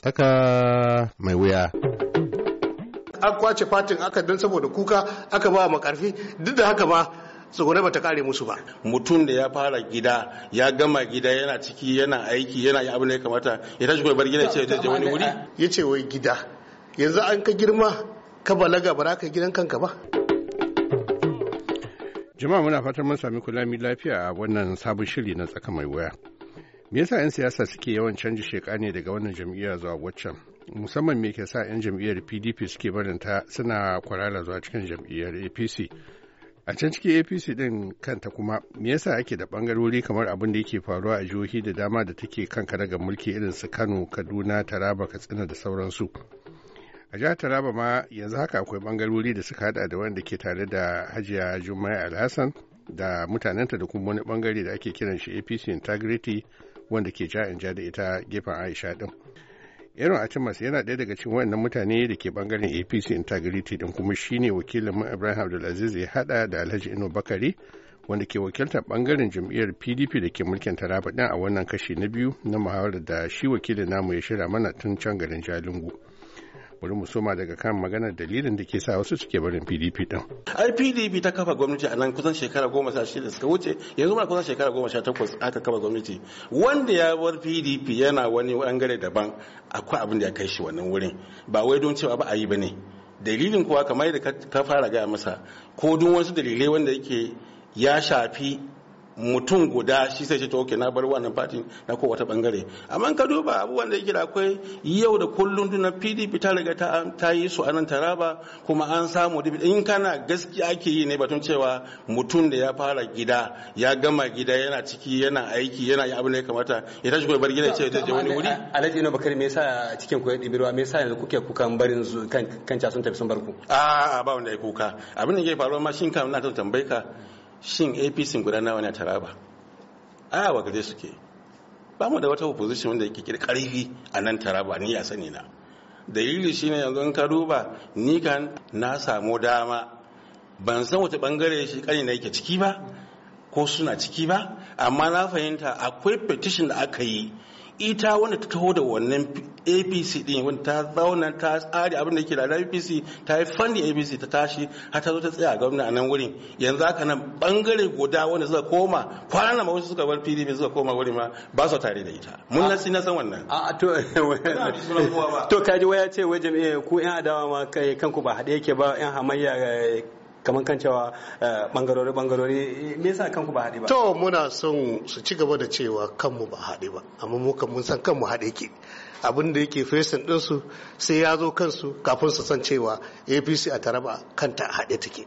Tsaka mai wuya. An kwace fatin aka don saboda kuka aka ba makarfi duk da haka ma tsogone bata kare musu ba mutum da ya fara gida ya gama gida yana ciki yana aiki yana yi abin da ya kamata ya tashi kuma bar gida ya ce da wani wuri ya ce wai gida yanzu an ka girma ka balaga ba ka gidan kanka ba jama'a muna fatan mun sami kula lafiya a wannan sabon shiri na tsaka mai wuya. me yasa 'yan siyasa suke yawan canji sheka ne daga wannan jam'iyyar zuwa waccan musamman me ke sa 'yan jam'iyyar pdp suke barin ta suna kwarara zuwa cikin jam'iyyar apc a can cikin apc din kanta kuma me yasa ake da bangarori kamar abin da yake faruwa a jihohi da dama da take kan daga mulki irin su kano kaduna taraba katsina da sauransu a jihar taraba ma yanzu haka akwai bangarori da suka hada da wanda ke tare da hajiya jummai alhassan da mutanenta da kuma wani bangare da ake kiran shi apc integrity wanda ke ja in ja da ita gefen aisha din irin atimas yana ɗaya daga cikin wannan mutane da ke bangaren apc integrity din kuma shine wakilin mu ibrahim abdulaziz ya hada da alhaji ino bakari wanda ke wakiltar bangaren jam'iyyar pdp da ke mulkin taraba din a wannan kashi na biyu na muhawarar da shi wakilin namu ya shirya mana tun can garin jalingo bari mu soma daga kan magana dalilin da ke sa wasu suke barin pdp din ai pdp ta kafa gwamnati a nan kusan shekara goma sha shida suka wuce yanzu ma kusan shekara goma sha takwas aka kafa gwamnati wanda ya bar pdp yana wani bangare daban akwai abin da ya kai shi wannan wurin ba wai don cewa ba a yi ba ne dalilin kuwa kamar da ka fara gaya masa ko duk wasu dalilai wanda yake ya shafi mutum guda shi sai ce to ke na bar wannan party na ko wata bangare amma ka duba abubuwan da yake akwai yau da kullun duna PDP ta riga ta yi su a nan Taraba kuma an samu in kana gaskiya ake yi ne batun cewa mutum da ya fara gida ya gama gida yana ciki yana aiki yana yi abin da ya kamata ya tashi bar gida ce zai je wani wuri Alhaji Ino Bakari me yasa cikin ku ya dibirwa me yasa yanzu kuke kukan barin kan kan sun tafi sun bar ku a ba wanda ya kuka abin da ke faruwa ma shin kam na tambaye ka shin apc guda nawa ne taraba a wa gaje suke ba mu da wata opposition wanda yake karfi a nan taraba ni ya sani na dalili shine yanzu ka duba ni kan na samu dama ban san wata bangare shi kani na yake ciki ba ko suna ciki ba amma na fahimta akwai petition da aka yi ita wanda ta taho da wannan apc din wanda ta zauna ta tsari abin da ke da apc ta yi fannin apc ta tashi har ta zo ta tsaya gwamna a nan wurin yanzu haka nan bangare guda wanda suka koma kwanan na mawasu suka bar pdp suka koma wurin ma ba su tare da ita mun nasi na san wannan to kaji waya ce wai ku yan adawa ma kanku ba haɗe yake ba yan hamayya eh, kamar kan cewa eh, bangarori bangarori me yasa kanku ba haɗe ba to muna son su ci gaba da cewa kanmu ba haɗe ba amma mu kan mun san kanmu haɗe ke abin da yake fesin su sai ya zo kansu kafin su san cewa apc a taraba kanta a haɗe take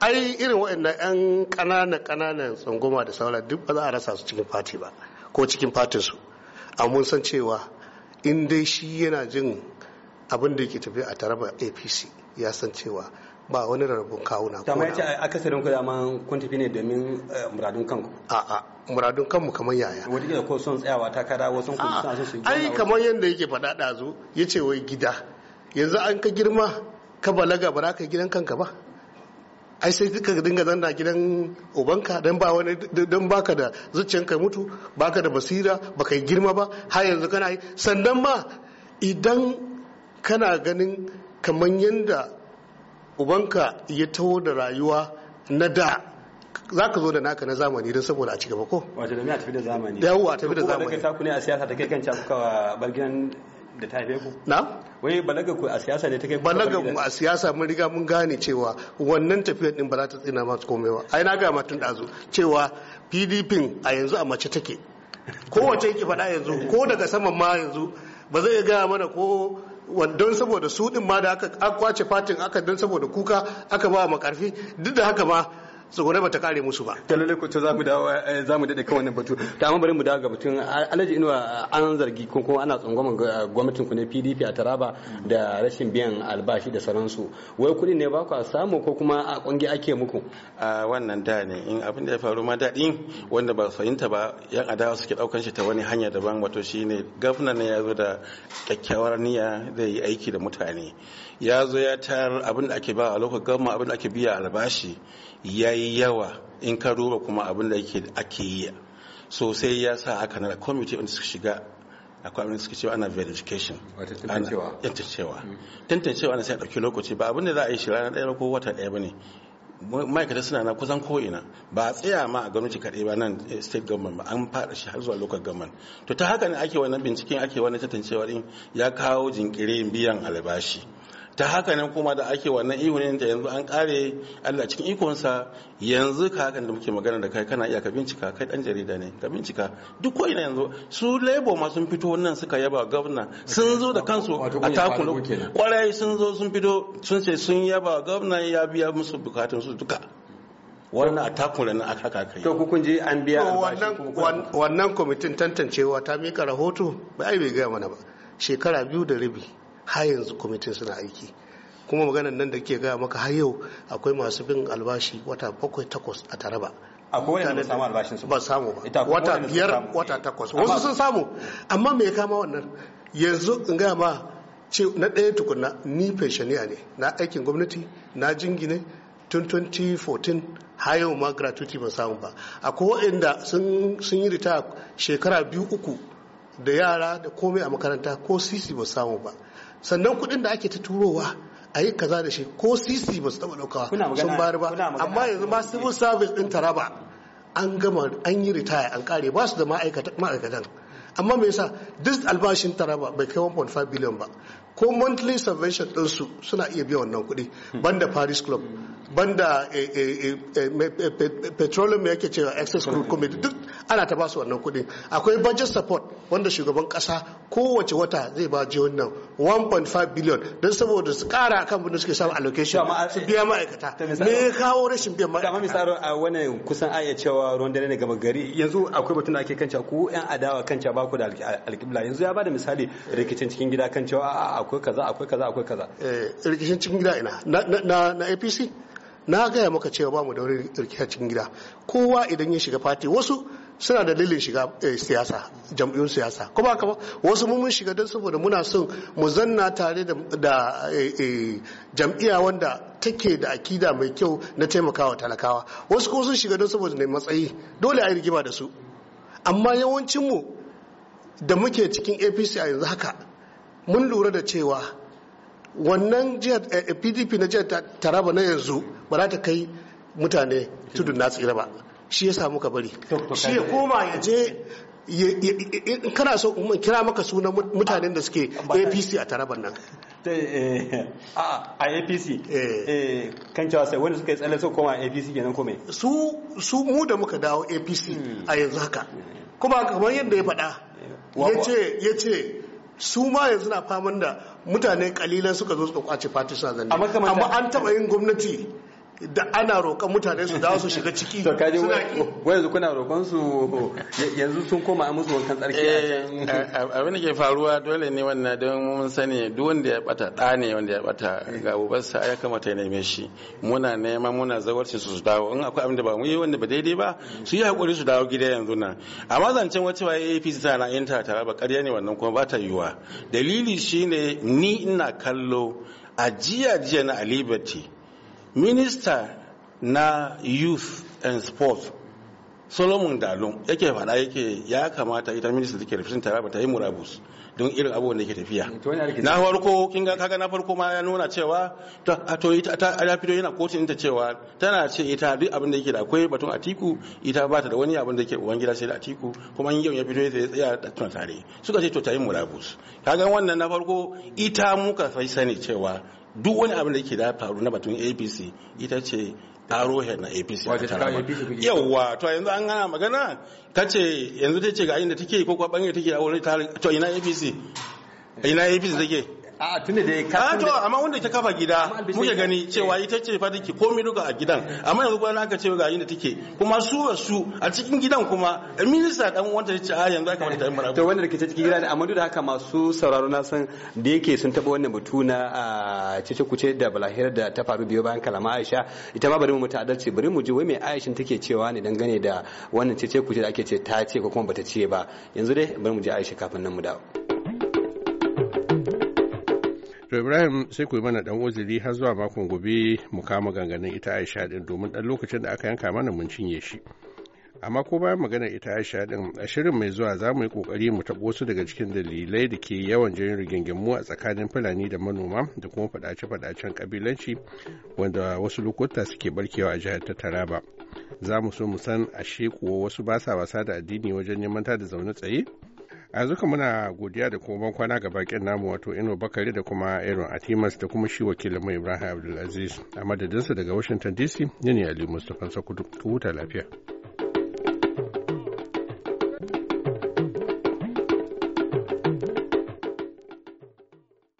ai irin waɗannan ƴan ƙanana ƙananan tsangoma da sauran duk ba za a rasa su cikin fati ba ko cikin fatinsu amma mun san cewa in dai shi yana jin abin da yake tafiya a taraba apc ya san cewa ba wani rarrabun kawuna ta mai ce akasarin ku dama kun tafi ne domin eh, muradun kanku a'a muradun kanmu kamar yaya wani ke ko son tsayawa takara wasu kuma suna son su ai kamar yadda yake faɗa ɗazu yace wai gida yanzu an ka girma ka balaga ba za ka gidan kanka ba ai sai duka dinga zanna gidan ubanka don ba wani dan baka da zuciyanka mutu baka da basira baka yi girma ba har yanzu kana yi sannan ma idan kana ganin kamar yanda ubanka ya taho da rayuwa na da za ka zo da naka na zamani don saboda a ci gaba ko wato da a tafi da zamani yawo a tafi da zamani ko da kai ne a siyasa da kai kan cakuka bargin da ta haife ku na wai balaga ku a siyasa ne ta kai balaga mu a siyasa mun riga mun gane cewa wannan tafiyar din ba za ta tsina ma komai ba ai na ga matun dazu cewa PDP a yanzu a mace take kowace yake faɗa yanzu ko daga saman ma yanzu ba zai gaya mana ko don saboda su din ma da aka kwace fatin aka don saboda kuka aka ba makarfi duk da haka ma tsugune bata kare musu ba ta lalle to za mu dawo eh, za mu dade kan wannan batu ta amma bari mu dawo ga batun alhaji inuwa an zargi ko kuma ana tsangwamin gwamnatin ku ne PDP a Taraba da rashin biyan albashi da sauransu wai kuɗi ne ba ku a samu ko kuma a ƙungi ake muku a wannan da ne in abin da ya faru ma daɗi wanda ba fahimta ba yan adawa suke ɗaukan shi ta wani hanya daban wato shi gafna ne ya zo da kyakkyawar niyya zai yi aiki da mutane ya zo ya tayar abin da ake ba a lokacin gama abin da ake biya albashi ya yi yawa in ka duba kuma abin da ake yi sosai ya sa aka na kwamiti wanda suka shiga akwai abin da suka cewa ana verification tantancewa tantancewa hmm. ana sai ɗauki lokaci ba abin da za a yi shi rana ɗaya ko wata ɗaya ba ne ma'aikata suna na kusan ko'ina ba a tsaya ma a gwamnati kaɗai ba nan eh, state government ba an faɗa shi har zuwa local government to ta haka ne ake wannan binciken ake wannan tantancewa ɗin ya kawo jinkirin biyan albashi ta haka nan kuma da ake wannan ihunin ta yanzu an kare Allah cikin ikonsa yanzu ka haka da muke magana da kai kana iya ka bincika kai dan jarida ne ka bincika duk ko ina yanzu su labor ma sun fito wannan suka yaba gwamna sun zo da kansu a takulu kwarai sun zo sun fito sun ce sun yaba gwamna ya biya musu bukatun su duka wannan a takula na aka haka kai to kun je an biya wannan kwamitin tantancewa ta mika rahoto bai bai gaya mana ba shekara biyu da rabi har yanzu kwamitin suna aiki kuma maganar nan da ke gaya maka har yau akwai masu bin albashi wata bakwai takwas a taraba akwai wani ba samu albashin su ba samu ba wata biyar wata takwas wasu sun samu amma me kama wannan yanzu in gaya ma ce na ɗaya tukuna ni pensioner ne na aikin gwamnati na jingine tun 2014 har yau ma gratuity ban samu ba akwai waɗanda sun yi rita shekara biyu uku da yara da komai a makaranta ko sisi ba samu ba sannan kuɗin da ake ta turowa a yi kaza da shi ko sisi ba su taɓa ɗaukawa sun bari ba amma yanzu ma civil service ɗin taraba an gama an yi ritaya an kare ba su da ma'aikatan amma me yasa duk albashin taraba bai kai 1.5 billion ba ko monthly subvention ɗinsu suna iya biya wannan kuɗi banda paris club banda eh, eh, eh, petroleum yake cewa excess crude committee duk ana ta ba su wannan kuɗi akwai budget support wanda shugaban kasa kowace wata zai ba ji nan 1.5 biliyon don saboda su kara akan abin da suke samun allocation su eh, biya ma'aikata me ya kawo rashin biyan ma'aikata kamar misalin a wani kusan aya cewa ruwan dare ne gaba gari yanzu akwai batun da ake kanca ko yan adawa kanca ba ku da alkibla yanzu ya bada misali rikicin cikin gida kan cewa akwai kaza akwai kaza akwai kaza eh, rikicin cikin gida ina na APC na gaya maka cewa ba mu da wani rikicin cikin gida kowa idan ya shiga fati wasu suna da dalilin shiga eh, siyasa jam'iyyun siyasa kuma haka wasu mun shiga don saboda muna son mu zanna tare da eh, eh, jam'iyya wanda take da akida mai kyau na taimakawa talakawa wasu kuma sun shiga don saboda ne matsayi dole a yi rigima da su amma yawancinmu da muke cikin apc a yanzu haka mun lura da cewa wannan pdp na jihar taraba na yanzu ba za ta kai mutane tudun na tsira ba shi ya samu kabari bari shi ya koma ya je kana so umar kira maka sunan mutanen da suke apc a taraban nan eh, a apc eh. eh, kan cewa sai wanda suka yi tsalle su koma apc kenan kome su mu da muka dawo apc hmm. a yanzu haka kuma kamar yadda ya faɗa ya ce su ma yanzu na faman da mutane kalilan suka zo suka kwace fati zanne amma an taɓa yin gwamnati da ana roƙon mutane su dawo su shiga ciki to kaje Wanzu kuna roƙon su yanzu sun koma a musu wankan tsarki eh, abin da ke faruwa dole ne wannan don mun sani duk wanda ya bata da ne wanda ya bata ga ubarsa ya kamata ya neme shi muna nema muna zawarci su dawo in akwai abin da ba mu yi wanda ba daidai ba su yi hakuri su dawo gida yanzu nan amma zancen wacce wa APC tana yin ta tare ba ƙarya ne wannan kuma ba ta yiwa dalili shine ni ina kallo a jiya jiya na Liberty minista na youth and sports solomon dalon yake faɗa yake ya kamata ita minista ke rufin taraba ta yi murabus don irin abubuwan da ke tafiya na farko kin ga kaga na farko ma ya nuna cewa a to ita ta ya fito yana kotun ta cewa tana ce ita duk abin da yake da akwai batun atiku ita ba ta da wani abin da yake uban gida sai da atiku kuma yau ya fito ya tsaya da tuna tare suka ce to ta yi murabus kaga wannan na farko ita muka sai sani cewa duk wani abin da ke da faru na batun apc ita ce arohe na apc yawa to yanzu an gana magana ce yanzu ta ce ga inda take ko kuwa bangare take a wurin to ina apc ina apc take a'a tunda dai ka ah, to amma wanda ke kafa gida muke gani cewa eh. ita ce fa take komai duka a gidan amma yanzu kwana aka ce ga inda take kuma su su a cikin gidan kuma eh, minista dan wanda ya ce a ah, yanzu aka mata mara to wanda ke cikin gidan amma duk da haka masu sauraro na san da yake sun taba wannan batu na ah, cece kuce da balahir da ta faru biyo bayan kalama Aisha ita ma bari mu mutu adalci bari mu ji wai mai Aishin take cewa ne dangane da wannan cece kuce da ake ce ta ce ko kuma bata ce ba yanzu dai bari mu ji Aisha kafin nan mu dawo To Ibrahim sai ku yi mana dan uzuri har zuwa makon gobe mu kama ganganin ita Aisha din domin dan lokacin da aka yanka mana mun cinye shi. Amma ko bayan magana ita Aisha din a shirin mai zuwa za mu yi kokari mu taɓo wasu daga cikin dalilai da ke yawan jin rigingimu a tsakanin Fulani da manoma da kuma fadace-fadacen kabilanci wanda wasu lokuta suke barkewa a jihar ta Taraba. Za mu so mu san ashe kuwa wasu ba sa wasa da addini wajen neman ta da zaune tsaye? a zuka muna godiya da kuma kwana ga bakin namu wato ino bakari da kuma aaron atimas da kuma shi wakilin mai ibrahim abdulaziz a madadinsa daga washington dc ne ali mustapha sakutu ta huta lafiya